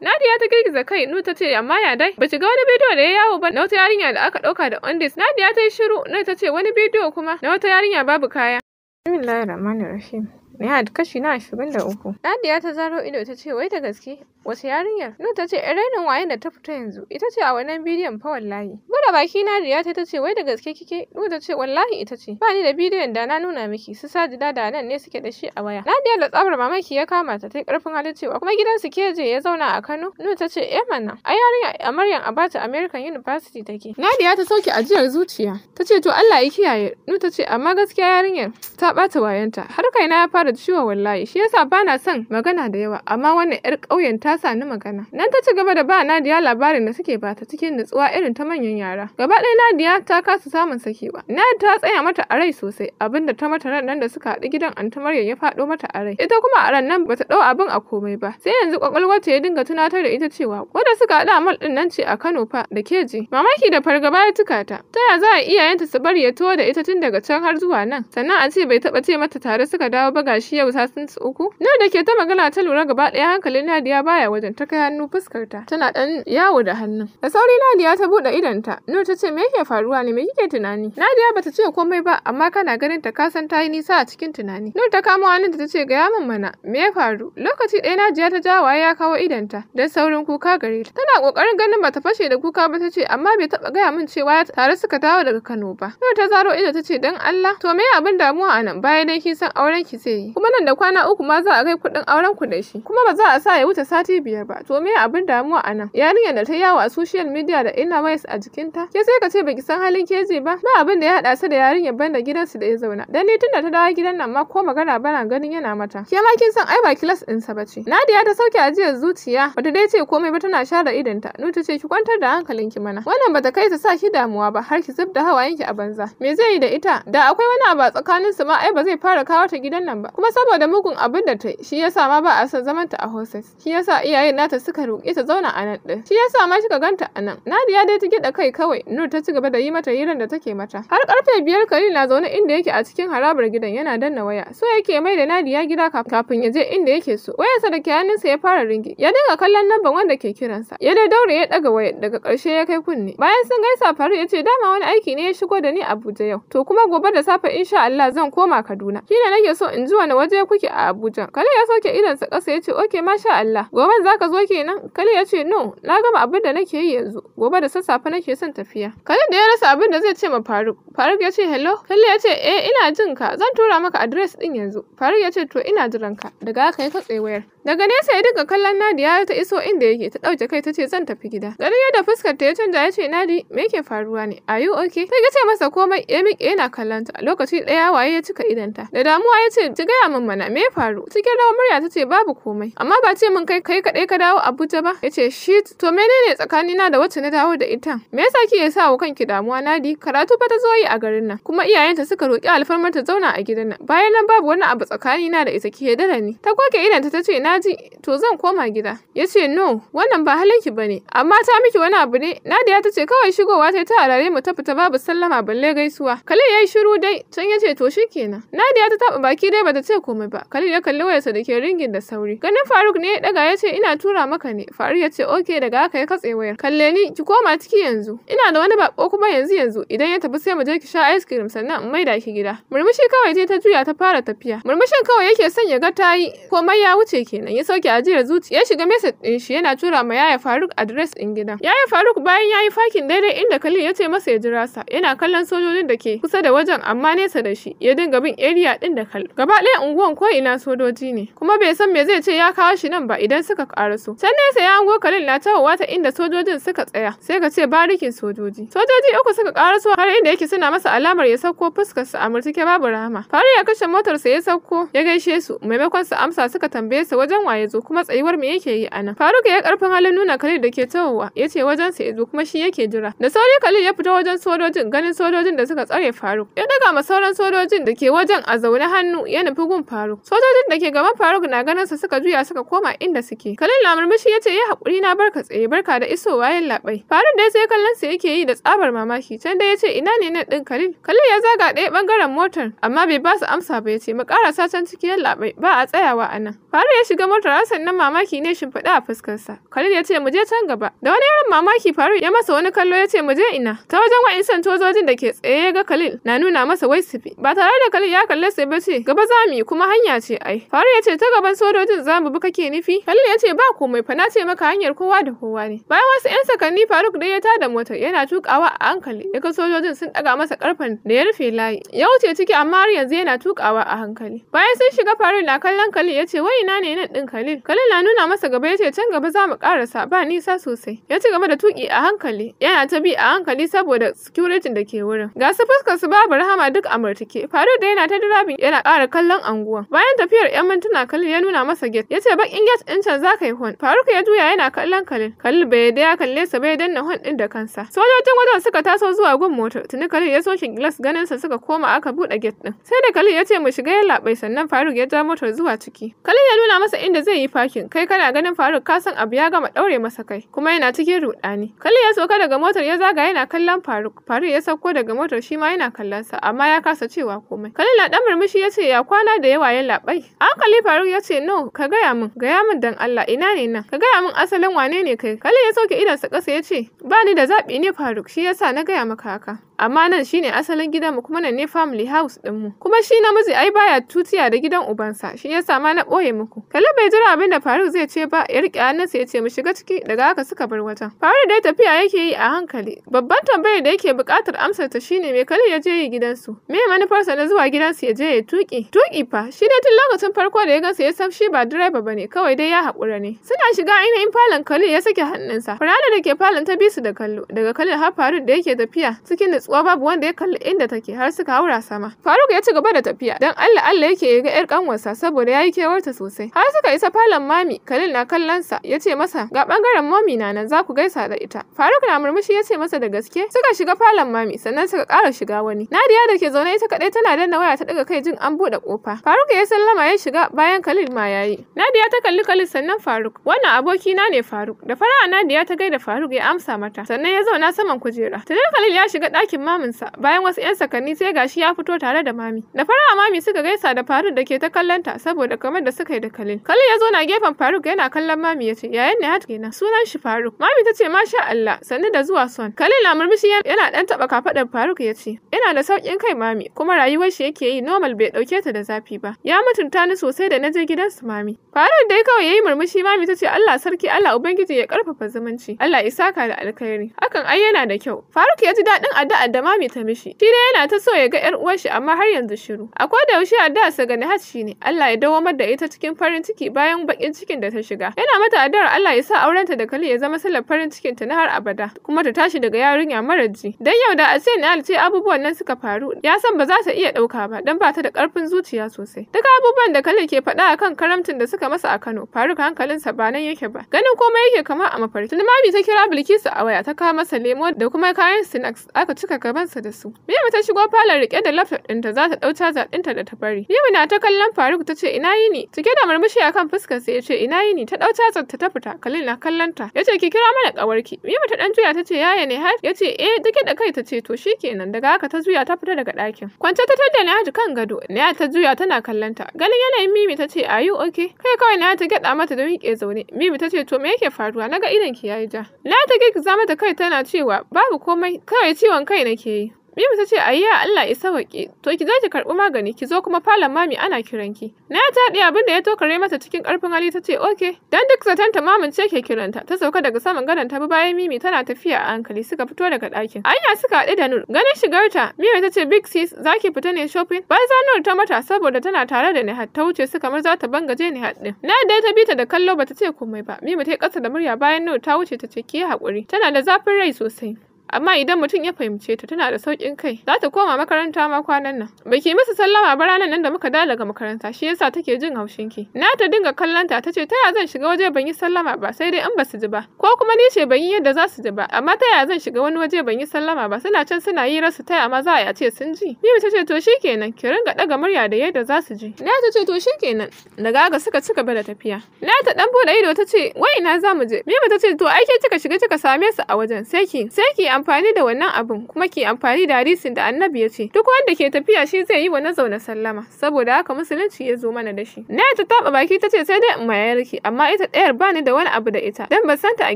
Nadia ta girgiza kai, Nu ta ce, amma ya dai, ba ga wani bidiyo da ya yawo ba na wata yarinya da aka ɗauka da Ondis. Nadia ta yi shiru, Na ta ce, wani bidiyo kuma na wata yarinya babu kaya. Bismillahirrahmanirrahim. da kashi na ashirin da uku. Nadiya ta zaro ido ta ce wai da gaske wace yarinyar? Nu ta ce irenin wayan da ta fita yanzu ita ce a wannan bidiyon fa wallahi. Buɗe baki Nadiya ta ce, wai da gaske kike? Nu ta ce wallahi ita ce. Ba ni da bidiyon da na nuna miki su sa jida da nan ne suke da shi a waya. Nadiya da tsabar mamaki ya kama ta ta karfin halin cewa kuma gidansu je ya zauna a Kano. Nu ta ce eh mana a yarinya a Maryam Abacha American University take. Nadiya ta sauke ajiyar zuciya ta ce to Allah ya kiyaye. Nu ta ce amma gaskiya yarinyar ta bata wayanta har kai na ya fara fara ciwo wallahi shi yasa bana son magana da yawa amma wannan yar ƙauyen ta sa ni magana nan ta ci gaba da ba Nadiya labarin da suke bata cikin nutsuwa irin ta manyan yara gaba ɗaya Nadiya ta kasa samun sakewa Nadiya ta tsaya mata a rai sosai abinda ta mata ran nan da suka haɗu gidan Anta Maryam ya faɗo mata a rai ita kuma a ran nan bata ɗau abin a komai ba sai yanzu kwakwalwar ta ya dinga tunatar da ita cewa wanda suka haɗu a mal ɗin nan ce a Kano fa da keji mamaki da fargaba ya tuka ta ta ya za a iyayenta su bari ya tuwo da ita tun daga can har zuwa nan sannan a ce bai taɓa ce mata tare suka dawo ba fara shi yau su uku? Na da ke ta magana ta lura gaba ɗaya hankalin Nadiya baya wajen ta kai hannu fuskarta tana ɗan yawo da hannun. Da sauri Nadiya ta buɗe ta. Nur ta ce me yake faruwa ne me kike tunani? Nadiya bata ce komai ba amma kana ganin ta kasan ta yi nisa a cikin tunani. Nur ta kama wani da ta ce gaya min mana me ya faru? Lokaci ɗaya Nadiya ta jawa ya kawo idonta don saurin kuka gare ta. Tana ƙoƙarin ganin bata fashe da kuka ba ta ce amma bai taɓa gaya min cewa tare suka dawo daga Kano ba. Nur ta zaro ido ta ce dan Allah to me abin damuwa a nan bayan dan kin san auren ki zai yi. kuma nan da kwana uku ma za a kai kuɗin auren ku da shi kuma ba za a sa ya wuce sati biyar ba to me abin damuwa a nan yarinyar da ta yawo a social media da ina wayas a jikinta ke sai ka ce baki san halin keji ba ba abin da ya haɗa su da yarinyar banda gidansu da ya zauna dan ni tunda ta dawo gidan nan ma ko magana bana ganin yana mata ke ma kin san ai ba kilas ɗinsa ba ce Nadiya ta sauke ajiyar zuciya bata dai ce komai ba tana share idonta nu ta ce ki kwantar da hankalin ki mana wannan bata kai ta sa ki damuwa ba har ki zub da hawayenki a banza me zai yi da ita da akwai wani abu a tsakaninsu ma ai ba zai fara kawo ta gidan nan ba kuma saboda mugun abin da ta yi shi yasa ma ba a son zaman ta a hostess shi yasa na nata suka roƙe ta zauna a nan din shi yasa ma kika ganta a nan Nadiya dai ta gida kai kawai Nur ta ci gaba da yi mata hirar da take mata har karfe biyar kari na zaune inda yake a cikin harabar gidan yana danna waya so yake mai da Nadiya gida kafin ya je inda yake so wayarsa da ke ya fara ringi ya dinga kallon namban wanda ke kiransa ya dai daure ya daga waya. daga karshe ya kai kunne bayan sun gaisa Faru ya ce dama wani aiki ne ya shigo da ni Abuja yau to kuma gobe da safe insha Allah zan koma Kaduna shine nake so in ji wani waje kuke a Abuja? Kale ya sauke idonsa ƙasa ya ce, "Oke, masha Allah, gobe za ka zo kenan?" Kale ya ce, "No, na gama abin da nake yi yanzu. Gobe da sassafe nake son tafiya." Kale da ya rasa abin da zai ce ma Faruk. Faruk ya ce, "Hello?" Kale ya ce, "Eh, ina jin ka. Zan tura maka adres din yanzu." Faruk ya ce, "To, ina jiran ka." Daga haka ya katse wayar. Daga nesa ya dinga kallon Nadiya ta iso inda yake ta ɗauke kai ta ce zan tafi gida. Ganin yadda fuskar ta ya canja ya ce Nadi me yake faruwa ne? Are you okay? Ta ce masa komai ya miƙe yana kallon Lokaci ɗaya waye ya cika idanta. Da damuwa ya ce gaya min mana me faru cikin rawar murya ta ce babu komai amma ba ce min kai kai kaɗai ka dawo Abuja ba ya ce shi to menene tsakanina da wacce na dawo da ita me yasa kike sa wa kanki damuwa Nadi karatu fa ta zo yi a garin nan kuma iyayenta suka roki alfarmar ta zauna a gidan nan bayan nan babu wani abu tsakanina da ita ki dara ni ta goge idan ta ce naji to zan koma gida ya ce no wannan ba halinki bane amma ta miki wani abu ne Nadiya ta ce kawai shigowa ta ta arare mu ta fita babu sallama balle gaisuwa Khalil yayi shiru dai can ya ce to shikenan Nadiya ta taba baki dai bata ce komai ba. Khalil ya kalli wayarsa da ke ringin da sauri. Ganin Faruk ne ya daga ya ce ina tura maka ne. Faruk ya ce okay daga haka ya katse wayar. Kalle ni ki koma ciki yanzu. Ina da wani bako kuma yanzu yanzu idan ya tafi sai mu je ki sha ice cream sannan in maida ki gida. Murmushi kawai ce ta juya ta fara tafiya. Murmushin kawai yake son ya ga tayi komai ya wuce kenan. Ya sauke ajiyar zuci. ya shiga message din shi yana tura ma yaya Faruk address din gida. Yaya Faruk bayan yayi fakin daidai inda Khalil ya ce masa ya jira sa. Yana kallon sojojin da ke kusa da wajen amma nesa da shi. Ya dinga bin area din da kallo. Gaba Mutanen unguwan ko ina sojoji ne, kuma bai san me zai ce ya kawo shi nan ba idan suka karaso. Can nesa ya hango Khalil na tawowa ta inda sojojin suka tsaya, sai ka ce barikin sojoji. Sojoji uku suka karaso har inda yake suna masa alamar ya sauko fuskar su a murtuke babu rahama. fari ya kashe motar sa ya sauko ya gaishe su, maimakon su amsa suka tambaye sa wajen waye zo kuma tsayuwar me yake yi anan. Faruk ya karfin halin nuna kalin da ke tawowa, ya ce wajen sa ya zo kuma shi yake jira. Da sauri kalin ya fita wajen sojojin ganin sojojin da suka tsare Faruk. Ya daga ma sauran sojojin da ke wajen a zaune hannu yana haifi gun Faruk. Sojojin da ke gaban Faruk na ganin su suka juya suka koma inda suke. kalin na murmushi ya ce ya haƙuri na barka tsaye barka da isowa yan labai. Faruk ya sai kallon sa yake yi da tsabar mamaki. Can da ya ce ina ne nan din kalin kalin ya zaga ɗaya ɓangaren motar amma bai ba su amsa ba ya ce mu ƙarasa can cikin yan labai ba a tsayawa a nan. Faruk ya shiga motar sannan mamaki ne shimfiɗa a fuskarsa. kalin ya ce mu je can gaba. Da wani yaron mamaki Faruk ya masa wani kallo ya ce mu je ina. Ta wajen wa'insan sojojin da ke tsaye ya ga kalil na nuna masa wai sufi. Ba tare da kalil ya kalle sai ba ce gaba za zami kuma hanya ce ai. Faru ya ce ta gaban sojojin zamu bi kake nufi? Khalil ya ce ba komai fa na ce maka hanyar kowa da kowa ne. Bayan wasu 'yan sakanni Faruk dai ya da motar yana tukawa a hankali. Ya sojojin sun ɗaga masa karfen da ya rufe layi. Ya wuce ciki amma har yanzu yana tukawa a hankali. Bayan sun shiga Faruk na kallon Khalil ya ce wai ina ne nan din Khalil? Khalil na nuna masa gaba ya ce can gaba za mu karasa ba nisa sosai. Ya ci gaba da tuki a hankali. Yana ta bi a hankali saboda security da ke wurin. Ga su fuskar su babu rahama duk a murtuke. Faruk da yana ta dirabin yana ƙara kallon wajen anguwa. Bayan tafiyar 'yan mintuna Khalil ya nuna masa get. ya ce bakin get ɗin can za ka yi hon. Faruk ya juya yana kallon Khalil. Khalil bai da ya kalle sa bai danna hon din da kansa. Sojojin wajen suka taso zuwa gun motar. Tuni Khalil ya soke glass ganin sa suka koma aka buɗe get ɗin. Sai da Khalil ya ce mu shiga yalla bai sannan Faruk ya ja motar zuwa ciki. Khalil ya nuna masa inda zai yi parking. Kai kana ganin Faruk ka san abu ya gama ɗaure masa kai kuma yana cikin rudani. Khalil ya sauka daga motar ya zaga yana kallon Faruk. Faruk ya sauko daga motar shi ma yana kallon sa amma ya kasa cewa komai. Khalil na dan murmushi ya ce ya kwana kwana da yawa yallaɓai. Hankali Faruk ya ce no ka gaya min gaya min dan Allah ina ne nan ka gaya min asalin wane ne kai. Kale ya sauke sa ƙasa ya ce ba ni da zaɓi ne Faruk shi yasa na gaya maka haka. amma nan shine asalin gidan mu kuma nan ne family house mu. kuma shi namiji ai baya tutiya da gidan ubansa shi yasa ma na boye muku kale bai jira abin da Faruk zai ce ba ya rike hannunsa ya ce mu shiga ciki daga haka suka bar wajen Faruk dai tafiya yake yi a hankali babban tambayar da yake buƙatar amsar ta shine me kale ya je yi gidansu me manufarsa na zuwa gidansu ya je ya tuki tuki Ifa, shi dai tun lokacin farko da ya gansa ya san shi ba direba ba ne, kawai dai ya haƙura ne. Suna shiga ainihin falon kalil ya sake hannunsa. Farada da ke falon ta bi su da kallo, daga kalil har Faruk da yake tafiya cikin nutsuwa babu wanda ya kalli inda take har suka haura sama. Faruk ya ci gaba da tafiya, don Allah Allah yake ga 'yar kanwarsa saboda ya yi kewarta sosai. Har suka isa falon mami, kalil na kallonsa ya ce masa ga ɓangaren mami na nan za ku gaisa da ita. Faruk na murmushi ya ce masa da gaske suka shiga falon mami sannan suka ƙara shiga wani. Nadiya da ke zaune ita kaɗai tana danna waya ta ɗaga kai jin an buɗe ƙofa. fa. Faruk ya sallama ya shiga bayan Khalid ma ya yi. Nadiya ta kalli Khalid sannan Faruk. Wannan aboki na ne Faruk. Da fara'a Nadiya ta gaida Faruk ya amsa mata. Sannan ya zauna saman kujera. Tunan Khalid ya shiga ɗakin maminsa. Bayan wasu 'yan sakanni sai gashi ya fito tare da mami. Da fara'a mami suka gaisa da Faruk da ke ta kallonta saboda kamar da suka yi da Khalid. Khalid ya zo na gefen Faruk yana kallon mami ya ce yayan ne hat kenan sunan shi Faruk. Mami ta ce masha Allah sannu da zuwa son. Khalid na murmushi yana ɗan taɓa kafaɗar Faruk ya ce ina da sauƙin kai mami kuma rayuwar shi yake yi normal bai ɗauke ta da za lissafi ba. Ya mutunta ni sosai da na je gidansu mami. Faruk dai kawai yayi murmushi mami ta ce Allah sarki Allah ubangiji ya karfafa zumunci. Allah isaka da alkhairi. Hakan ai yana da kyau. Faruk ya ji daɗin addu'a da mami ta mishi. Shi dai yana ta so ya ga 'yar uwar shi amma har yanzu shiru. Akwai da yaushe addu'a sa ga Nihat ne. Allah ya dawo da ita cikin farin ciki bayan bakin cikin da ta shiga. Yana mata addu'ar Allah ya sa aurenta da Khalil ya zama sallar farin cikin ta na har abada kuma ta tashi daga yarinya mara ji. Dan yau da a ce Al ce abubuwan nan suka faru ya san ba za ta iya ɗauka ba dan ba ta da ƙarfin zuciya godiya sosai. Duka abubuwan da Khalil ke faɗa akan karamcin da suka masa a Kano, Faruk hankalinsa ba nan yake ba. Ganin komai yake kamar a mafarki. Tun mami ta kira Bilkisu a waya ta kawo masa lemo da kuma kayan snacks aka cika gabansa da su. Miyama ta shigo falon rike da laptop ɗinta za ta ɗau caza ɗinta da ta bari. Miyama na ta kallon Faruk ta ce ina yini. Cike da murmushi akan sa ya ce ina yini ta ɗau cazar ta fita. Khalil na kallon Ya ce ki kira mana ƙawarki. Miyama ta dan juya ta ce yaya ne har? Ya ce eh duke da kai ta ce to shikenan daga haka ta juya ta fita daga ɗakin. Kwance ta tada Nihaji kan gado. Nihaji ta juya tana kallonta. Ganin yanayin Mimi ta ce, "Are you okay?" Kai kawai na ta gyaɗa mata don riƙe zaune. Mimi ta ce, "To me yake faruwa? Naga idan ki yayi ja." Na ta zama mata kai tana cewa, "Babu komai, kawai ciwon kai nake yi." Bibi ta ce ayya Allah isa waƙe to ki je ki karɓi magani ki zo kuma falon mami ana kiranki. Na ta ɗi abin da ya tokare mata cikin ƙarfin hali ta ce oke dan duk zaton ta mamin ce ke kiranta ta sauka daga saman gadon ta bi bayan Mimi tana tafiya a hankali suka fito daga ɗakin. Anya suka haɗu da Nur ganin shigarta Mimi ta ce big sis za ki fita ne shopping banza Nur ta mata saboda tana tare da Nihat ta wuce su kamar za ta bangaje Nihat ɗin. Na dai ta bi ta da kallo bata ce komai ba Mimi ta yi kasa da murya bayan Nur ta wuce ta ce ki haƙuri tana da zafin rai sosai. amma idan mutum ya fahimce ta tana da sauƙin kai za ta koma makaranta ma kwanan nan baki masa sallama ba ranan nan da muka dawo daga makaranta shi yasa take jin haushin ki na ta dinga kallon ta tace taya zan shiga waje ban yi sallama ba sai dai in ba su ji ba ko kuma ni ce ban yi yadda za su ji ba amma taya zan shiga wani waje ban yi sallama ba suna can suna yi rasu ta ma za a ce sun ji ni mace ce to shikenan ki ringa daga murya da yadda za su ji na ta ce to shikenan daga ga suka ci gaba da tafiya na ta dan bude ido tace ce wai ina za mu je ni mace ce to ai ke kika shiga kika same su a wajen sai ki sai ki amfani da wannan abin kuma ki amfani da hadisin da annabi ya ce duk wanda ke tafiya shi zai yi wa na zaune sallama saboda haka musulunci ya zo mana da shi na ta taba baki ta ce sai dai in mayarki amma ita ɗayar ni da wani abu da ita dan ban santa a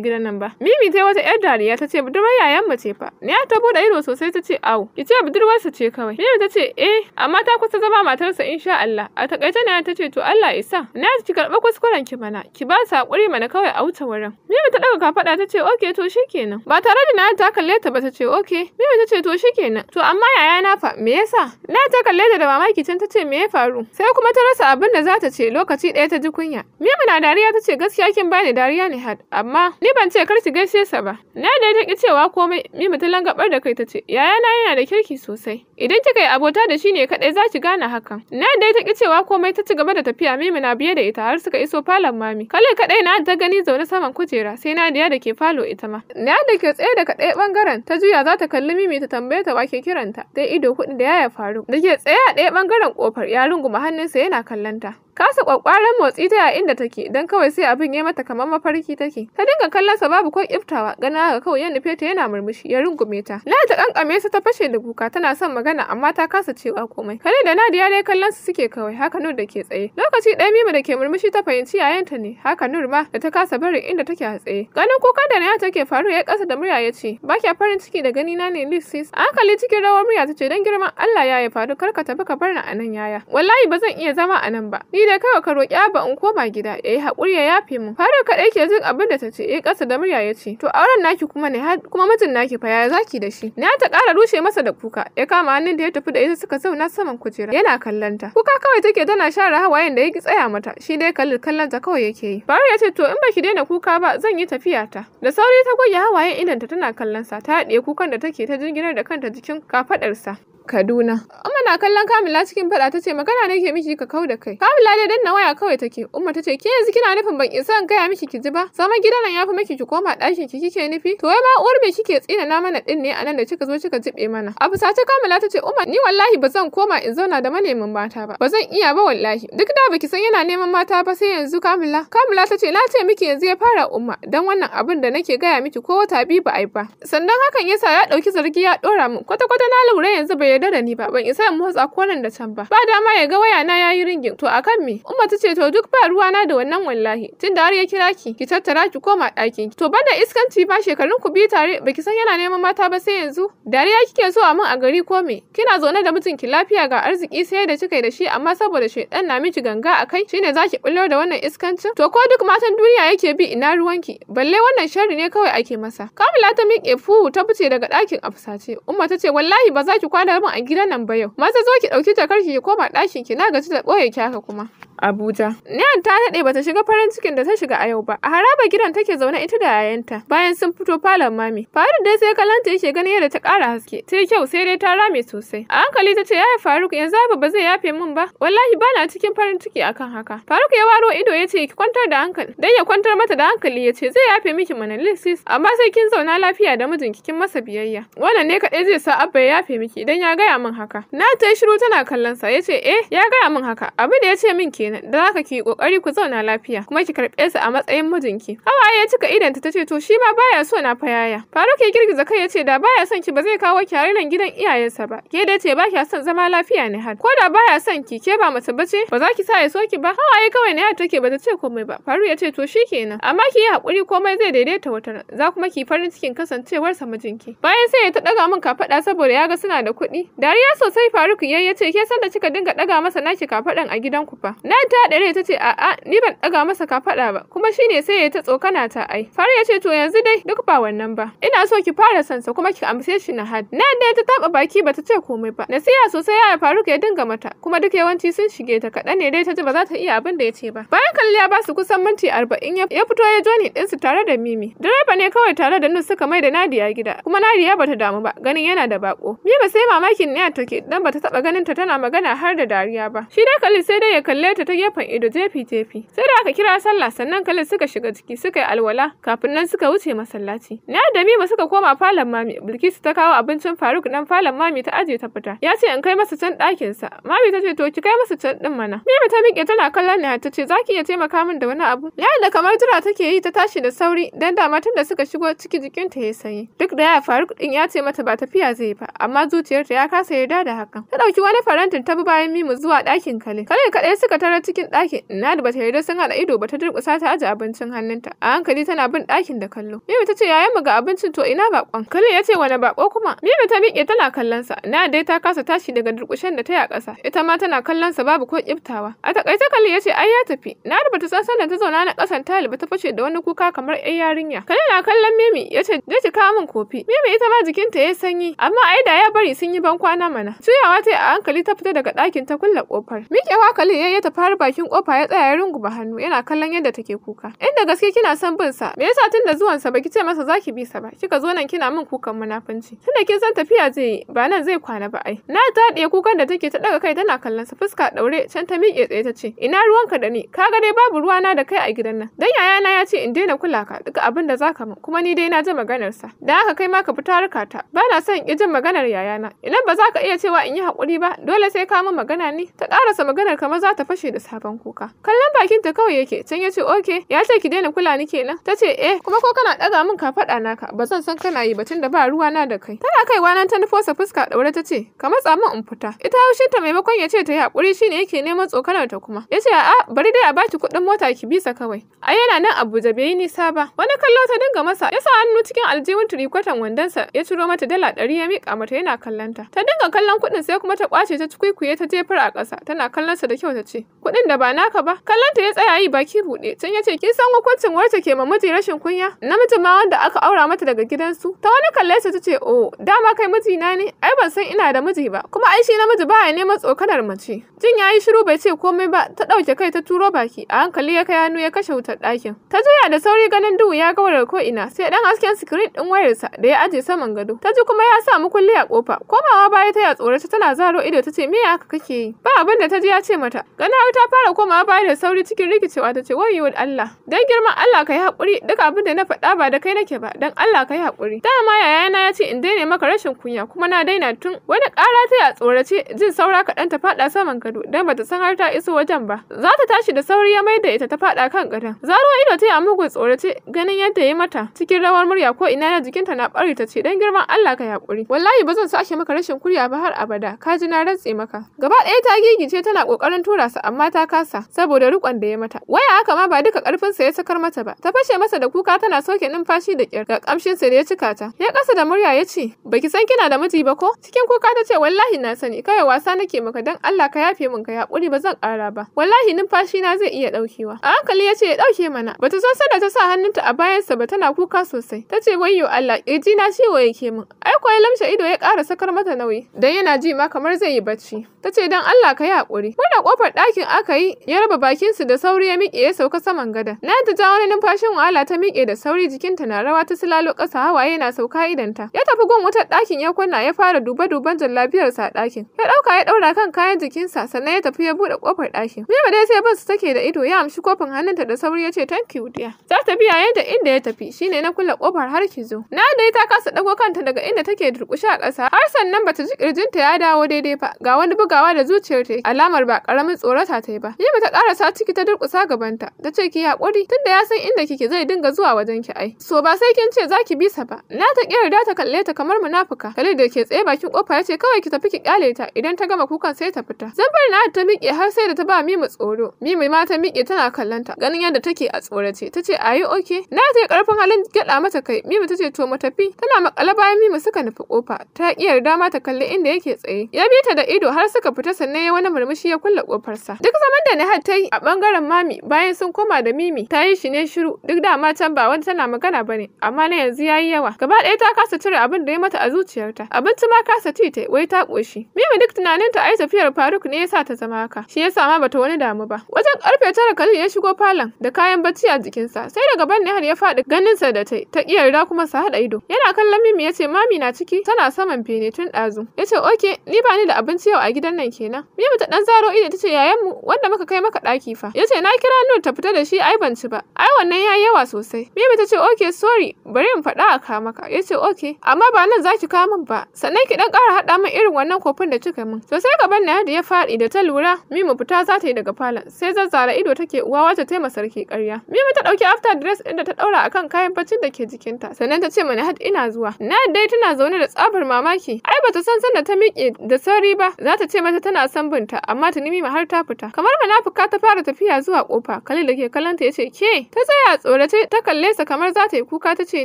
gidan nan ba mimi ta wata yar dariya ta ce budurwar yayan mu ce fa ni ta bude ido sosai ta ce au ki ce budurwarsa ce kawai mimi ta ce eh amma ta kusa zama matarsa insha Allah a takaice na ta ce to Allah isa na ki karɓa kuskuren ki mana ki ba sa hakuri mana kawai a wuta wurin mimi ta daga kafada ta ce okay to shikenan ba tare da na ta kalli kalle ta ba ta ce okay me ta ce to shikenan to amma yaya na fa me yasa na ta kalle ta da mamaki can ta ce me ya faru sai kuma ta rasa abin da za ta ce lokaci ɗaya ta ji kunya me na dariya ta ce gaskiya kin bani dariya ne had amma ni ban ce kar ki gaishe sa ba na da ta cewa komai Mimi ta langabar da kai ta ce yaya na yana da kirki sosai idan kika yi abota da shi ne kadai za ki gane hakan na da ta cewa komai ta ci gaba da tafiya me na biye da ita har suka iso falon mami kalle kadai na ta gani zaune saman kujera sai na da ke falo ita ma na da ke tsaye da kadai bangare bangaren ta juya za ta kalli Mimi ta tambaye ta wake kiranta. dai ido huɗu da yaya faru. Da ke tsaye a ɗaya bangaren kofar ya runguma hannunsa yana kallon ta. Kasa kwakwaran motsi ta yayin da take dan kawai sai abin ya mata kamar mafarki take. Ta dinga kallon sa babu ko kiftawa gana haka kawai ya nufe ta yana murmushi ya rungume ta. Na ta kankame sa ta fashe da kuka tana son magana amma ta kasa cewa komai. Kare da Nadiya dai kallon su suke kawai haka Nur da ke tsaye. Lokaci ɗaya Mima da ke murmushi ta fahimci yayanta ne haka Nur ma da ta kasa barin inda take a tsaye. Ganin kuka da Naya take faru ya kasa da murya ya ce ba kya farin ciki da gani na ne Lisis. A hankali cikin rawar murya ta ce dan girman Allah ya ya faru kar ka tafi ka bar ni a yaya. Wallahi ba zan iya zama a ba. Ni dai kawai ka roƙi Abba in koma gida, ya eh, yi haƙuri ya yafe mu. Faruk kaɗai ke jin abin da ta ce, ya eh, ƙasa da murya ya ce, to auren naki kuma ne har kuma mijin naki fa ya zaki da shi. Na ta ƙara rushe masa da kuka, ya kama hannun da ya tafi da ita suka zauna saman kujera. Yana kallanta. Kuka kawai take tana share hawayen da ya tsaya mata, shi dai kallon kallanta kawai yake yi. Faruk ya ce to in baki daina kuka ba zan yi tafiya ta. Da sauri ta goge hawayen idanta tana kallon sa, ta haɗe kukan da take ta jirginar da kanta jikin kafaɗarsa. Kaduna. Umma na kallon Kamila cikin fada ta ce magana nake miki ka kau da kai. Kamila dai na waya kawai take. Umma ta ce ke yanzu kina nufin ban isa in gaya miki ki ji ba. Zaman gidan nan yafi miki ki koma ɗakin ki kike nufi. To wai ma uwar me kike tsina na mana din ne anan da kika zo kika jibe mana. Abu ta Kamila ta ce Umma ni wallahi ba zan koma in zauna da manemin mata ba. bazan iya ba wallahi. Duk da baki san yana neman mata ba sai yanzu Kamila. Kamila ta ce na ce miki yanzu ya fara Umma dan wannan abin da nake gaya miki ko wata biyu ba ai ba. Sannan hakan yasa ya ɗauki zargi ya ɗora min kwata-kwata na lura yanzu bai yarda da ni ba ban isa in motsa ko nan da can ba ba dama ya ga waya na yayi ringin to akan me umma ta ce to duk ba ruwa na da wannan wallahi da har ya kira ki ki tattara ki koma ɗakin ki to banda iskanci ba shekarun ku bi tare ba ki san yana neman mata ba sai yanzu dariya kike so a min a gari ko me kina zaune da mutunki lafiya ga arziki sai da kika da shi amma saboda shedan na miki ganga akai shine zaki bullo da wannan iskancin to ko duk matan duniya yake bi ina ruwanki balle wannan sharri ne kawai ake masa kamila ta miƙe fu ta fice daga ɗakin a fusace umma ta ce wallahi ba za ki kwana a gidan nan ba yau. Maza zo ki ɗauki jakar ki koma ɗakin ki na gaji da ɓoye ki haka kuma. Abuja. Nihan ta daɗe bata shiga farin cikin da ta shiga a yau ba. A haraba gidan take zaune ita da yayanta bayan sun fito falon mami. Faruk dai sai kalanta yake ganin yadda ta ƙara haske. Ta kyau sai dai ta rame sosai. A hankali ta ce yaya Faruk yanzu ba zai yafe min ba. Wallahi bana cikin farin ciki akan haka. Faruk ya waro ido ya ce ki kwantar da hankali. Dan ya kwantar mata da hankali ya ce zai yafe miki manalisis amma sai kin zauna lafiya da mijinki kin masa biyayya. Wannan ne kaɗai zai sa abba ya yafe miki idan ya gaya min haka. Na ta shiru tana kallon sa ya ce eh ya gaya min haka. Abin da ya ce min ke kenan da haka ki kokari ku zauna lafiya kuma ki karɓe su a matsayin mijinki hawaye ya cika idanta ta ce to shi ma baya so na fayaya faruk ya girgiza kai yace ce da baya son ki ba zai kawo ki hariran gidan iyayensa ba ke da ce ba kya son zama lafiya ne har ko da baya son ki ke ba mace bace ba za ki sa ya so ki ba hawaye kawai ne take ba ta ce komai ba Faru ya ce to shi kenan amma ki yi hakuri komai zai daidaita wata za kuma ki farin cikin kasancewarsa mijinki bayan sai ya ta daga min kafaɗa saboda ya ga suna da kuɗi dariya sosai faruk yayi yace ke san da kika dinga daga masa naki kafaɗan a gidan ku fa na Bayan ta dare ta ce a'a ni ban ɗaga masa kafaɗa ba kuma shine sai ya ta tsokana ta ai. Fara ya ce to yanzu dai duk ba wannan ba. Ina so ki fara sansa kuma ki amse shi na had. Na da ta taba baki bata ce komai ba. Nasiha sosai ya Faruk ya dinga mata kuma duk yawanci sun shige ta kaɗan ne dai ta ji ba za ta iya abin da ya ce ba. Bayan kalliya ba su kusan minti arba'in ya fito ya joni ɗinsu tare da Mimi. Direba ne kawai tare da Nus suka mai da Nadiya gida kuma Nadiya bata damu ba ganin yana da bako. Mimi sai mamakin ne take dan bata taba ganin ta tana magana har da dariya ba. Shi dai kalli sai dai ya kalle ta ta gefen ido jefi-jefi. Sai da aka kira sallah sannan kalin suka shiga ciki suka yi alwala kafin nan suka wuce masallaci. Na da Mima suka koma falon mami Bilkisu ta kawo abincin Faruk dan falon mami ta aje ta fita. Ya ce in kai masa can ɗakin sa. Mami ta ce to ki kai masa can ɗin mana. Mima ta miƙe tana kallon ni ta ce zaki iya taimaka min da wani abu. Ya da kamar jira take yi ta tashi da sauri dan da matan da suka shigo ciki jikinta ya sanyi. Duk da ya Faruk din ya ce mata ba tafiya zai ba amma zuciyarta ya kasa yarda da hakan. Ta ɗauki wani farantin ta bi bayan Mimu zuwa ɗakin kale Kale kaɗai suka tara shiga cikin ɗakin ina da bata yarda sun haɗa ido ba ta durƙusa ta aje abincin hannunta a hankali tana bin ɗakin da kallo Mimi ta ce yayan mu ga abincin to ina baƙon? Kalin ya ce wani baƙo kuma Mimi ta miƙe tana kallon sa na dai ta kasa tashi daga durƙushen da ta yi a ƙasa ita ma tana kallon sa babu ko kiftawa a taƙaice Kalin ya ce ai ya tafi na da bata san ta zauna na ƙasan taliba ta fashe da wani kuka kamar ƴan yarinya Kalin na kallon Mimi ya ce je ki kawo min kofi Mimi ita ma jikinta ya sanyi amma ai da ya bari sun yi ban kwana mana juyawa ta a hankali ta fita daga ɗakin ta kulle ƙofar miƙewa Kalin ya tafi fara bakin kofa ya tsaya ya runguba hannu yana kallon yadda take kuka. Inda gaske kina san bin sa, me yasa tun da zuwan sa baki ce masa zaki bi sa ba? Kika zo nan kina min kukan munafunci. Tunda kin san tafiya zai yi, ba nan zai kwana ba ai. Na ta dade kukan da take ta daga kai tana kallon sa fuska daure can ta miƙe tsaye ta ce, "Ina ruwan ka da ni? ga dai babu ruwa na da kai a gidan nan." Dan yayana ya ce in daina kula ka duk abin da zaka mun kuma ni dai na ji maganar sa. Da haka kai ma ka fita harka ta. Ba na son ki jin maganar yayana. Idan ba za ka iya cewa in yi hakuri ba, dole sai ka mun magana ne. Ta ƙarasa maganar kamar za ta fashe ce da sabon kuka. Kallon bakin ta kawai yake, can ya ce oke, ya ce ki daina kula ni kenan. Ta ce eh, kuma ko kana ɗaga min kafaɗa naka, ba zan san kana yi ba tun da ba ruwa na da kai. Tana kaiwa nan ta nufosa fuska ɗaure ta ce, ka matsa min in fita. Ita haushin ta maimakon ya ce ta yi haƙuri shine yake neman tsokanar ta kuma. Ya ce a'a bari dai a baki kuɗin mota ki bisa kawai. A yana nan Abuja bai yi nisa ba. Wani kallo ta dinga masa, ya sa hannu cikin aljihun turikwatan wandonsa ya ciro mata dala ɗari ya miƙa mata yana kallonta. Ta dinga kallon kuɗin sai kuma ta kwace ta cikuikuye ta jefar a ƙasa tana kallon sa da kyau ta ce kuɗin da ba naka ba ta ya tsaya yi baki buɗe tun ya ce kin san hukuncin wacce ke miji rashin kunya namiji ma wanda aka aura mata daga gidansu ta wani kalle su ta ce o oh, dama kai miji na ne ai ban san ina da miji ba kuma ai shi namiji ba ya neman tsokanar mace jin ya yi shiru bai ce komai ba ta ɗauke kai ta turo baki a hankali ya kai hannu ya kashe wutar ɗakin ta juya da sauri ganin duhu ya ga gaura ko ina sai ɗan hasken sikirin ɗin wayarsa da ya aje saman gado ta ji kuma ya sa mukulli a kofa komawa baya ta ya tsorata tana zaro ido ta ce me ya haka kake yi ba abin ta ji ya ce mata ganin Larai ta fara komawa baya da sauri cikin rikicewa ta ce, wa Allah, dan girman Allah ka yi haƙuri, duk abin da na faɗa ba da kai nake ba, dan Allah ka yi haƙuri." Dama yayana ya ce in daina maka rashin kunya kuma na daina tun wani ƙara ta ya tsorace jin saura kaɗan ta faɗa saman gado don bata san har ta iso wajen ba. Za ta tashi da sauri ya maida ita ta faɗa kan gadon. Zaruwa ido ta yi mugun tsorace ganin yadda ya mata cikin rawar murya ko ina na jikinta na ɓari ta ce, dan girman Allah ka yi haƙuri." Wallahi ba zan sake maka rashin kunya ba har abada, ka ji na rantse maka. Gaba ɗaya ta gigice tana ƙoƙarin tura su amma Mata kasa saboda rikon da ya mata. Waya haka ma ba duka karfin sa ya sakar mata ba. Ta fashe masa da kuka tana soke numfashi da kyar ga kamshinsa da ya cika ta. Ya kasa da murya ya ce, "Baki san kina da miji ba ko?" Cikin kuka ta ce, "Wallahi na sani, kai wasa nake maka dan Allah ka yafe min ka yaƙuri ba zan kara ba. Wallahi numfashi na zai iya ɗaukewa." A hankali ya ce, "Ya ɗauke mana." Bata so da ta sa hannunta a bayansa ba tana kuka sosai. Ta ce, "Wayyo Allah, kirji na ciwo yake min." Ai ya lamshe ido ya kara sakar mata nauyi. Dan yana ji ma kamar zai yi bacci. Ta ce, "Dan Allah ka yi hakuri Muna kofar ɗakin aka yi, ya raba bakinsu da sauri ya miƙe ya sauka saman gada. Nata ta wani numfashin wahala ta miƙe da sauri jikinta na rawa ta silalo ƙasa hawaye na sauka idanta. Ya tafi gun wutar ɗakin ya kunna ya fara duba-duban jallabiyarsa a ɗakin. Ya ɗauka ya ɗaura kan kayan jikinsa sannan ya tafi ya buɗe ƙofar ɗakin. ba dai sai bansu take da ido ya amshi kofin hannunta da sauri ya ce thank you dear. Za ta biya yadda inda ya tafi shine na kulle ƙofar har ki zo. Na dai ta kasa ɗago kanta daga inda take durƙushe a ƙasa har sannan bata ji ƙirjinta ya dawo daidai ba ga wani bugawa da zuciyar ta alamar ba ƙaramin tsorata ta yi ba. Yema ta sa ciki ta durƙusa gabanta. Ta ce ki hakuri tunda ya san inda kike zai dinga zuwa wajen ki ai. So ba sai kin ce zaki bi sa ba. Na ta kira ta kalle ta kamar munafuka. Khalid da ke tsaye bakin kofa ya ce kawai ki tafi ki kyale ta idan ta gama kukan sai ta fita. bar na ta miƙe har sai da ta ba Mimu tsoro. Mimu ma ta miƙe tana kallon ta. Ganin yadda take a tsorace ta ce ayi oke. Na ta karfin halin gyaɗa mata kai. Mimu ta ce to mu tafi. Tana makala bayan Mimu suka nufi kofa. Ta ki yarda ma ta kalli inda yake tsaye. Ya bi ta da ido har suka fita sannan ya wani murmushi ya kulle kofarsa. Duk zaman da Nihat ta yi a ɓangaren Mami bayan sun koma da Mimi ta yi shi ne shiru duk da ma can ba wani tana magana ba ne amma na yanzu ya yi yawa. Gaba ɗaya ta kasa cire abin da ya mata a zuciyarta. Abinci ma kasa ci ta wai ta ƙoshi. Mimi duk tunanin ta ai tafiyar Faruk ne ya sa ta zama haka. Shi ya sa ma bata wani damu ba. Wajen karfe tara Khalil ya shigo falon da kayan bacci a jikinsa sai daga ban har ya faɗi ganin sa da ta yi ta iya da kuma sa haɗa ido. Yana kallon Mimi ya ce Mami na ciki tana saman fene tun ɗazu. Ya ce oke ni ba ni da abinci yau a gidan nan kenan. Mimi ta ɗan zaro ido ta ce yayan mu wanda muka kai maka ɗaki fa. Ya ce na kira Nur ta fita da shi ai ban ci ba. Ai wannan ya yawa sosai. Mima ta ce ok sorry bari in faɗa a ka maka. Ya ce ok amma ba nan za ki kawo min ba. Sannan ki ɗan ƙara haɗa min irin wannan kofin da kika min. To sai gaban na da ya faɗi da ta lura mu fita za ta yi daga falon. Sai zazzara ido take uwa wacce ta yi sarki ƙarya. Mimu ta ɗauki after dress ɗin da ta ɗaura akan kayan baccin da ke jikinta. Sannan ta ce mana had ina zuwa. Na dai tana zaune da tsabar mamaki. Ai bata san sanda ta miƙe da sauri ba. Za ta ce mata tana son binta amma ta har ta fita. Kamar munafuka ta fara tafiya zuwa kofa, Khalil da ke kallonta ya ce ke ta tsaya tsorace ta kalle sa kamar za ta yi kuka ta ce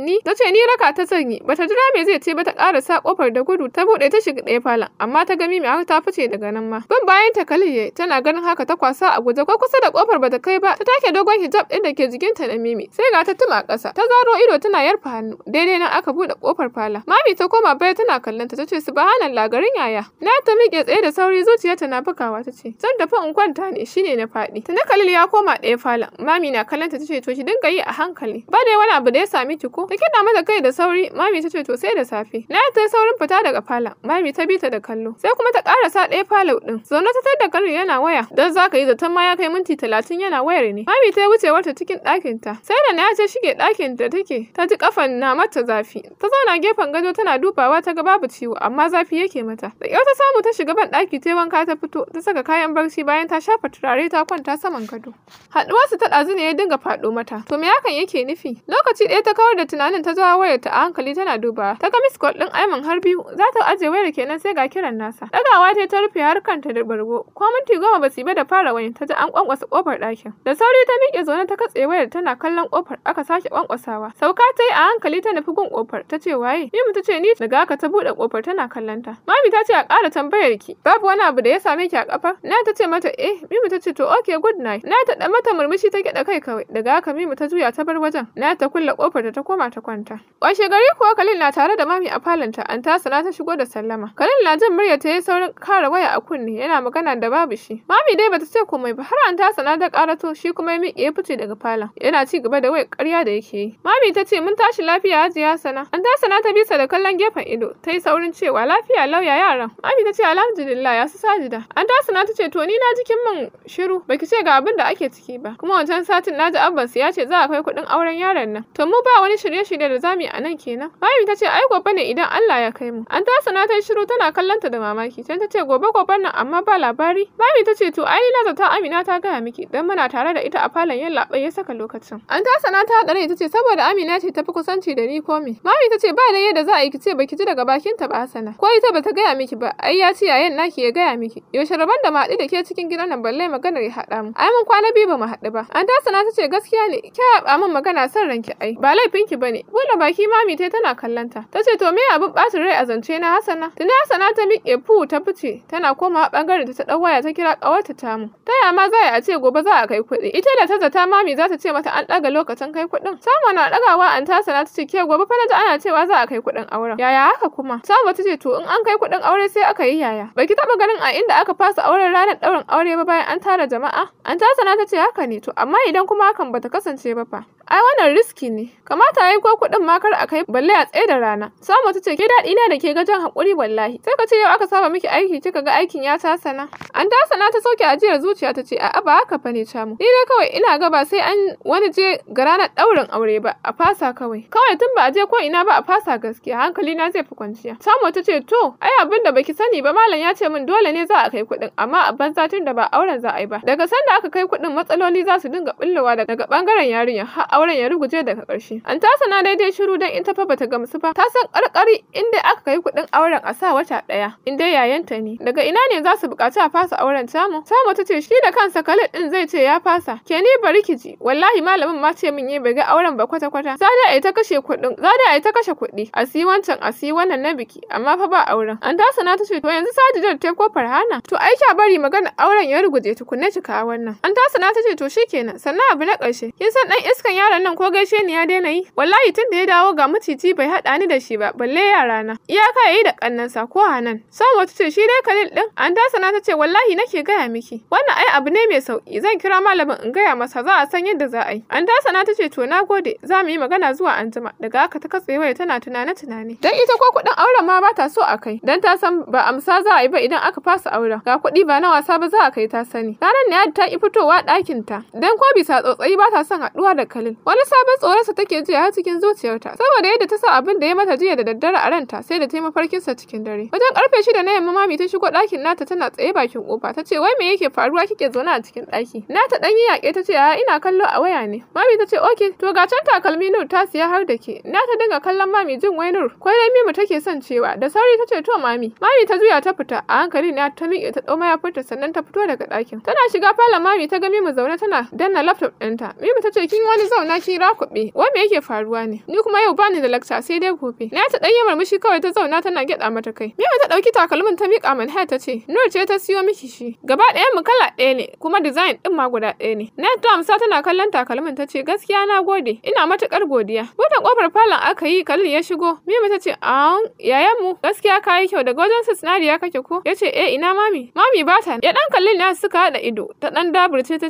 ni ta ce ni raka ta zanyi bata jira me zai ce ba ta sa kofar da gudu ta buɗe ta shiga ɗaya falon amma ta gami mai haka ta fice daga nan ma. Ban bayan ta Khalil yayi tana ganin haka ta kwasa a guje ko kusa da kofar bata kai ba ta take dogon hijab ɗin da ke jikinta na Mimi sai ga ta tuma ƙasa ta zaro ido tana yarfa hannu daidai nan aka buɗe kofar falon. Mami ta koma baya tana kallanta ta ce subhanallah garin yaya. Na ta miƙe tsaye da sauri zuciyarta na bugawa tace zan tafi in kwanta shi ne shine na faɗi. Tunda Khalil ya koma ɗaya falon. Mami na kallanta ta to shi dinga yi a hankali. Ba dai wani abu da ya sami ki ko? Ta kina mata kai da sauri. Mami ta ce to sai da safe. na ta saurin fita daga falon. Mami ta bi ta da kallo. Sai kuma ta sa ɗaya falon ɗin. Zaune ta tada kallo yana waya. dan za yi zaton ma ya kai minti talatin yana wayar ne. Mami ta wuce wata cikin ɗakin ta Sai da na ce shige ɗakin da take. Ta ji kafan na mata zafi. Ta zauna gefen gado tana dubawa ta ga babu ciwo amma zafi yake mata. Da ta samu ta shiga ban ɗaki ta wanka ta fito ta saka kayan barci bayan ta ta shafa turare ta kwanta saman gado. Haɗuwarsu ta ɗazu ne ya dinga faɗo mata. To me hakan yake nufi? Lokaci ɗaya ta kawar da tunanin ta zuwa wayar ta a hankali tana duba. Ta ga miss Gold ɗin Aiman har biyu. Za ta aje wayar kenan sai ga kiran nasa. Ɗagawa ta ta rufe harkanta da bargo. Ko minti goma ba su ba da fara wayan ta ji an kwankwasa kofar ɗakin. Da sauri ta miƙe zaune ta katse wayar tana kallon kofar aka sake kwankwasawa. Sauka ta yi a hankali ta nufi gun kofar ta ce waye? Mimu ta ce ni daga haka ta buɗe kofar tana kallon ta. Mami ta ce a ƙara tambayar ki. Babu wani abu da ya same ki a kafa Na ta ce mata eh Mimu ta ce to okay good night. Na taɗa mata murmushi ta gyaɗa kai kawai. Daga haka Mimi ta juya ta bar wajen. Na ta kulle kofar da ta koma ta kwanta. Washe gari kuwa Kalil na tare da mami a falonta an tasa na ta shigo da sallama. Kalil na jin murya ta yi saurin kara waya a kunne yana magana da babu shi. Mami dai bata ce komai ba har an tasa na da karato shi kuma ya miƙe ya fice daga falon. Yana ci gaba da wai ƙarya da yake yi. Mami ta ce mun tashi lafiya Hajiya Sana. An tasa na ta bisa da kallon gefen ido. Ta yi saurin cewa lafiya lauya yaran. Mami ta ce alhamdulillah ya su sajida. An tasa na ta ce to ni na ji kin min shiru ki ce ga abin da ake ciki ba kuma wancan satin naji abbansu ya ce za a kai kuɗin auren yaron nan to mu ba wani shirye-shirye da zamu yi a nan kenan Mami ta ce ai gobe ne idan Allah ya kai mu an tasa sana ta shiru tana kallon da mamaki can ta ce gobe gobe nan amma ba labari Mami ta ce to ai na zata Amina ta gaya miki dan muna tare da ita a falon yalla ya saka lokacin an tasa sana ta dare ta ce saboda Amina ce tafi kusanci da ni ko me Mami ta ce ba da yadda za a yi ki ce baki ji daga bakin ta ba sana. ko ita bata gaya miki ba ai ya ce yayan naki ya gaya miki yaushe raban da ma da ke cikin gidan magana balle maganar ya haɗa mu ai mun kwana biyu ba mu haɗu ba an ta sana ta ce gaskiya ne ki haɓa min magana san ranki ai ba laifin ki bane bude baki mami tai tana kallon ta ce to me abin ɓacin rai a zance na Hassana tuni Hassana ta miƙe fu ta fice tana komawa bangaren ta ta waya ta kira ƙawarta ta mu taya ma za a ce gobe za a kai kuɗi ita da ta zata mami za ta ce mata an ɗaga lokacin kai kuɗin samu na ɗagawa an ta sana ta ce ke gobe fa ana cewa za a kai kuɗin auren yaya haka kuma samu ta ce to in an kai kuɗin aure sai aka yi yaya baki taɓa ganin a inda aka fasa auren ranar ɗaurin aure ba bayan an tara jama'a? an Antasana ta ce haka ne to amma idan kuma hakan bata kasance ba fa. Ai wannan riski ne, kamata yayi ko kuɗin makar a kai balle a tsaye da rana. Samu ta ce ke daɗi ne da ke gajen haƙuri wallahi. Sai ka ce yau aka saba miki aiki kika ga aikin ya tasana. An tasana ta sauke ajiyar zuciya ta ce a'a ba haka fa ne camu. Ni dai kawai ina ga ba sai an wani je ga ranar ɗaurin aure ba a fasa kawai. Kawai tun ba a je ko ina ba a fasa gaskiya hankali na zai fi kwanciya. Samu ta ce to ai abin da baki sani ba malam ya ce min dole ne za a kai kuɗin amma a banza tun da ba auren za a yi ba. Daga sanda aka kai kuɗin matsaloli za su dinga ɓullowa daga bangaren yarinya ha auren ya ruguje daga ƙarshe. An tasa na daidai shiru don ita fa bata gamsu ba. Ta san ƙarƙari inda aka kai kuɗin auren a sa wata ɗaya. Inda yayanta ne. Daga ina ne za su buƙaci a fasa auren tamu? Tamu ta ce shi da kansa kalar ɗin zai ce ya fasa. Ke ni bari ki ji. Wallahi malamin ma ce min yi eh, bai ga auren ba kwata-kwata. Za da a yi ta kashe kuɗin. Za da a yi ta kashe kuɗi. A si wancan a si wannan na biki. Amma fa ba auren. An tasa na ta ce to yanzu Sajidar ta ko Farhana. To ai Aisha bari magana auren ya ruguje tukunna cika wannan. An tasa na ta ce to shikenan. Sannan abu na ƙarshe. Kin san ɗan iskan ya yaron nan ko gaishe ni ya daina yi wallahi tun da ya dawo ga maciji bai haɗa ni da shi ba balle yarana iyaka yayi da kannansa ko hanan Sabo ta ce shi dai kalil din an tasa ta ce wallahi nake gaya miki wannan ai abu ne mai sauki zan kira malamin in gaya masa za a san yadda za a yi an dasana ta ce to na gode za mu yi magana zuwa anjima daga haka ta katse waya tana tunane tunane dan ita ko kuɗin auren ma ba ta so a kai dan ta san ba amsa za a yi ba idan aka fasa auren ga kuɗi ba na wasa ba za a kai ta sani ranar ne ta ki fitowa dakin ta dan ko bisa tsotsayi ba ta son haɗuwa da kalil Wani sabon tsoronsa take ji har cikin zuciyarta saboda yadda ta sa abin da ya mata jiya da daddare a ranta sai da ta yi mafarkinsa cikin dare. Wajen karfe shida na yamma mami ta shigo ɗakin nata tana tsaye bakin kofa ta ce wai me yake faruwa kike zaune a cikin ɗaki. Nata ɗan yi yaƙe ta ce a ina kallo a waya ne. Mami ta ce oke to ga can takalmi Nur ta siya har da ke. Nata dinga kallon mami jin wai Nur ko dai Mimu take son cewa da sauri ta ce to mami. Mami ta juya ta fita a hankali na ta miƙe ta ɗau mayafinta sannan ta fito daga ɗakin. Tana shiga falon mami ta ga Mimu zaune tana danna laptop ɗinta. Mimu ta ce kin wani zo na kira kuɓe. wai me yake faruwa ne? Ni kuma yau bani da lakta sai dai gobe. Na ta ɗanyi murmushi kawai ta zauna tana gyaɗa mata kai. me ta ɗauki takalmin ta miƙa Manhaya ta ce, Nur ce ta siyo miki shi. Gaba ɗayan mu kala ɗaya ne, kuma design ɗin ma guda ɗaya ne. Na ta amsa tana kallon takalmin ta ce, Gaskiya na gode, ina matuƙar godiya. Buɗe ƙofar falon aka yi kalin ya shigo. me ta ce, An, yayan mu, gaskiya ka kyau daga wajen ya kake ko? yace ce, Eh ina mami. Mami ba ta. Ya ɗan kallin na suka haɗa ido. Ta ɗan daburce ta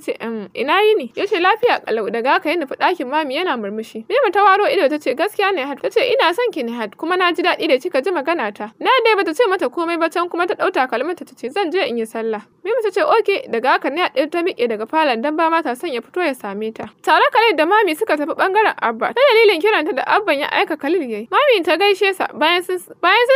Ina yini? Ya ce, Lafiya ƙalau daga ya nufi ɗakin mami yana murmushi. Mima ta waro ido ta ce gaskiya Nihat ta ce ina son ki had kuma na ji daɗi da kika ji magana ta. Na dai bata ce mata komai ba can kuma ta ɗau takalminta ta ce zan je in yi sallah. Mima ta ce oke daga haka ne ɗin ta miƙe daga falon dan ba mata son ya fito ya same ta. Tare Khalid da mami suka tafi ɓangaren Abba. Ta dalilin kiranta da Abban ya aika kalil yayi. Mami ta gaishe sa bayan sun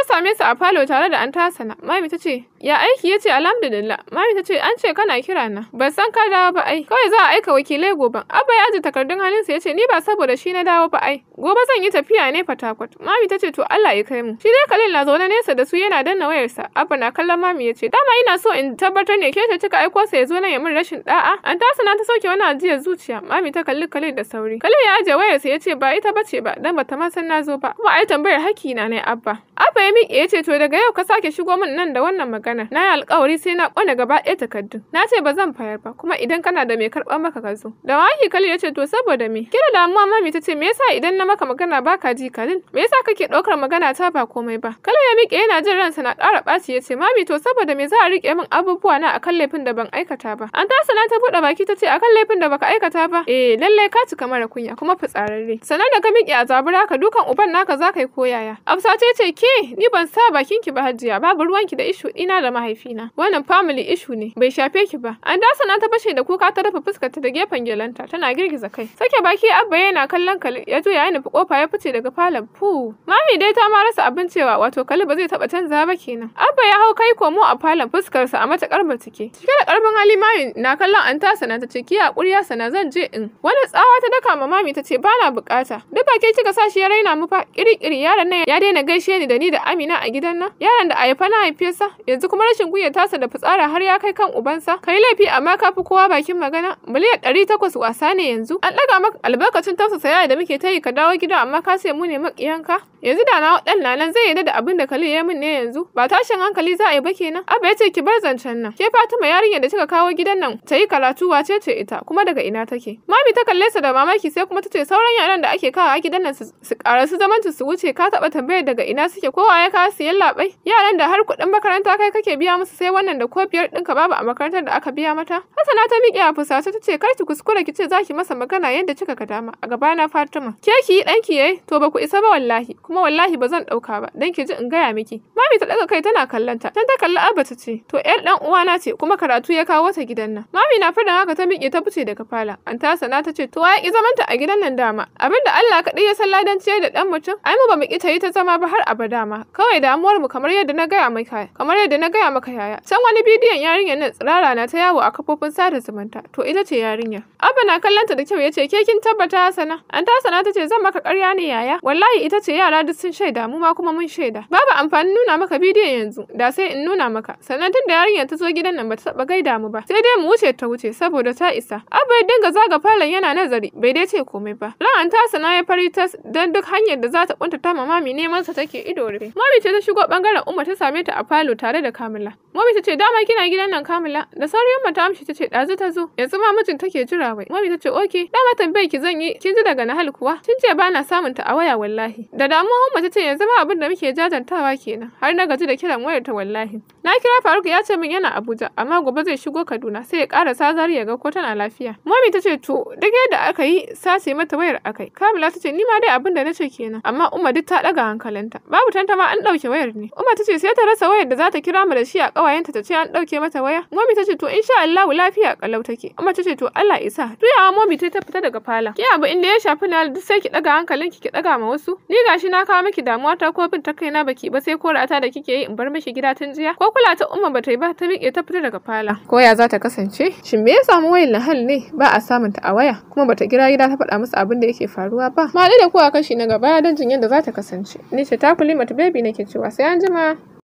same su a falo tare da Antasana. Mami ta ce Ya aiki ya ce alhamdulillah. Mami ta ce an ce kana kira na. Ban san ka dawo ba ai. Kawai za a aika wakilai gobe. Abba ya aje takardun halinsa ya ce ni ba saboda shi na dawo ba ai. Gobe zan yi tafiya ne Fatakwat. Mami ta ce to Allah ya kai mu. Shi dai kalin na zaune nesa da su yana danna wayarsa. Abba na kallon mami ya ce dama ina so in tabbatar ne ke ta cika aiko sa ya zo nan ya min rashin da'a. An tasa na ta sauke wani ajiyar zuciya. Mami ta kalli Khalil da sauri. Khalil ya aje wayarsa ya ce ba ita bace ba dan bata ma san na ba. Kuma ai tambayar na ne Abba. Abba ya miƙe ya ce to daga yau ka sake shigo min nan da wannan magana. magana na yi alkawari sai na kone gaba ɗaya takardun na ce ba zan fayar ba kuma idan kana da mai karɓar maka ka zo da waki kalil ya ce to saboda me kira damuwa mami ta ce me yasa idan na maka magana ba ka ji kalin me yasa kake ɗaukar magana ta ba komai ba Kala ya miƙe yana jin ransa na ƙara ɓaci ya ce mami to saboda me za a riƙe min abubuwa na akan laifin da ban aikata ba an tasa na ta buɗe baki ta ce akan laifin da baka aikata ba eh lallai ka cika mara kunya kuma fitsararre sannan da ka miƙe a zabura ka dukan uban naka za ka yi koyaya afsa ce ce ke ni ban sa bakinki ba hajiya babu ruwanki da ishu ɗina da mahaifina. Wannan family issue ne, bai shafe ki ba. An dasa na ta bashe da kuka ta rufe fuskarta da gefen gelanta, tana girgiza kai. Sake baki abba yana kallon kalli ya juya ya nufi kofa ya fice daga falon. Fu. Mami dai ta ma rasa abin cewa wato kalli ba zai taba canza ba kenan. Abba ya hau kai komo a falon fuskarsa a matakar batike. Cike da karfin hali mami na kallon an ta sana ta ce ki hakuri ya sana zan je in. Wani tsawa ta daka ma mami ta ce bana bukata. Duk ba ke kika sa shi ya raina mu fa kirikiri yaron nan ya daina gaishe ni da ni da Amina a gidan nan. Yaron da a haifa na haifiyarsa yanzu kuma rashin kunyar tasa da fitsara har ya kai kan ubansa kai laifi amma ka fi kowa bakin magana miliyan ɗari takwas wasa ne yanzu an ɗaga maka albarkacin tausasa saya da muke ta yi ka dawo gida amma ka sai mu ne maƙiyanka yanzu da na ɗan nan zai yarda da abin da Khalil ya min ne yanzu ba tashin hankali za a yi ba kenan Abba ya ce ki bar zancen nan ke Fatima yarinyar da kika kawo gidan nan ta yi karatu wace ce ita kuma daga ina take mami ta kalle sa da mamaki sai kuma ta ce sauran yaran da ake kawo a gidan nan su karasu zaman su wuce ka taɓa tambayar daga ina suke kowa ya kawo siyan labai yaran da har kuɗin makaranta kai kake biya musu sai wannan da ko biyar ɗinka babu a makarantar da aka biya mata? Hassana ta miƙe a fusace ta ce kar ki kuskura ki ce za ki masa magana yadda kika ka dama a gabana Fatima. Ke ki yi ɗanki yayi to ba ku isa ba wallahi kuma wallahi ba zan ɗauka ba dan ki ji in gaya miki. Mami ta ɗaga kai tana kallonta dan ta kalli Abba ta ce to ƴar ɗan uwana ce kuma karatu ya kawo ta gidan nan. Mami na fada haka ta miƙe ta fice daga fala. Anta Hassana ta ce to wa ya zamanta a gidan nan dama abinda Allah kaɗai ya san ladan ciyar da ɗan mutum ai mu ba mu ƙi ta yi ta zama ba har abada ma kawai damuwar mu kamar yadda na gaya maka kamar yadda na na gaya maka yaya. Can wani bidiyon yarinyar na tsirara na ta yawo a kafofin sada zumunta. To ita ce yarinya. Abba na kallonta da kyau ya ce ke kin tabbata sana?" An ta sana tace ce zan maka ƙarya ne yaya. Wallahi ita ce yara duk sun shaida mu ma kuma mun shaida. Babu amfani nuna maka bidiyon yanzu. Da sai in nuna maka. Sannan tun da yarinyar ta zo gidan nan bata taɓa gaida mu ba. Sai dai mu wuce ta wuce saboda ta isa. Abba ya dinga zaga falon yana nazari bai dai ce komai ba. an ta sana ya fari tas dan duk hanyar da za ta kunta ma mamami neman sa take ido rufe. Mami ce ta shigo bangaren Umma ta same ta a falo tare da Kamila. Mami ta ce dama kina gidan nan Kamila. Da sauri yamma ta amshi ta ce ɗazu ta zo. Yanzu ma mijin take jira mai. Mami ta ce oke dama tambayar ki zan yi kin ji daga Nahal kuwa. Kin ce ba na samun ta a waya wallahi. Da damuwa Umma ta ce yanzu ma abin da muke jajantawa kenan. Har na gaji da kiran wayar ta wallahi. Na kira Faruk ya ce min yana Abuja amma gobe zai shigo Kaduna sai ya ƙara sazari ya ga ko tana lafiya. Mami ta ce to duk yadda aka yi sace mata wayar akai. Kamila ta ce ni ma dai abin da na ce kenan amma Umma duk ta ɗaga hankalinta. Babu tantama an ɗauke wayar ne. Umma ta sai ta rasa wayar da za ta kira sama da shi a ƙawayenta ta ce an ɗauke mata waya. Momi ta ce to insha Allahu lafiya ƙalau take. Amma ta ce to Allah isa. Tuyawa Momi ta ta fita daga fala. Ki abu inda ya shafi na duk sai ki ɗaga hankalin ki ki ɗaga ma wasu. Ni gashi na kawo miki damuwa ta ko bin ta kaina baki ba sai ko rata da kike yi in bar miki gida tun jiya. Ko kula ta umma ba ta yi ba ta miƙe ta fita daga fala. Ko ya za ta kasance? Shin me ya samu wayan lahal ne ba a samun ta a waya kuma bata kira gida ta faɗa musu abin da yake faruwa ba. Ma da a kashi na gaba don jin yadda za ta kasance. Ni ce ta kulima baby nake cewa sai an jima.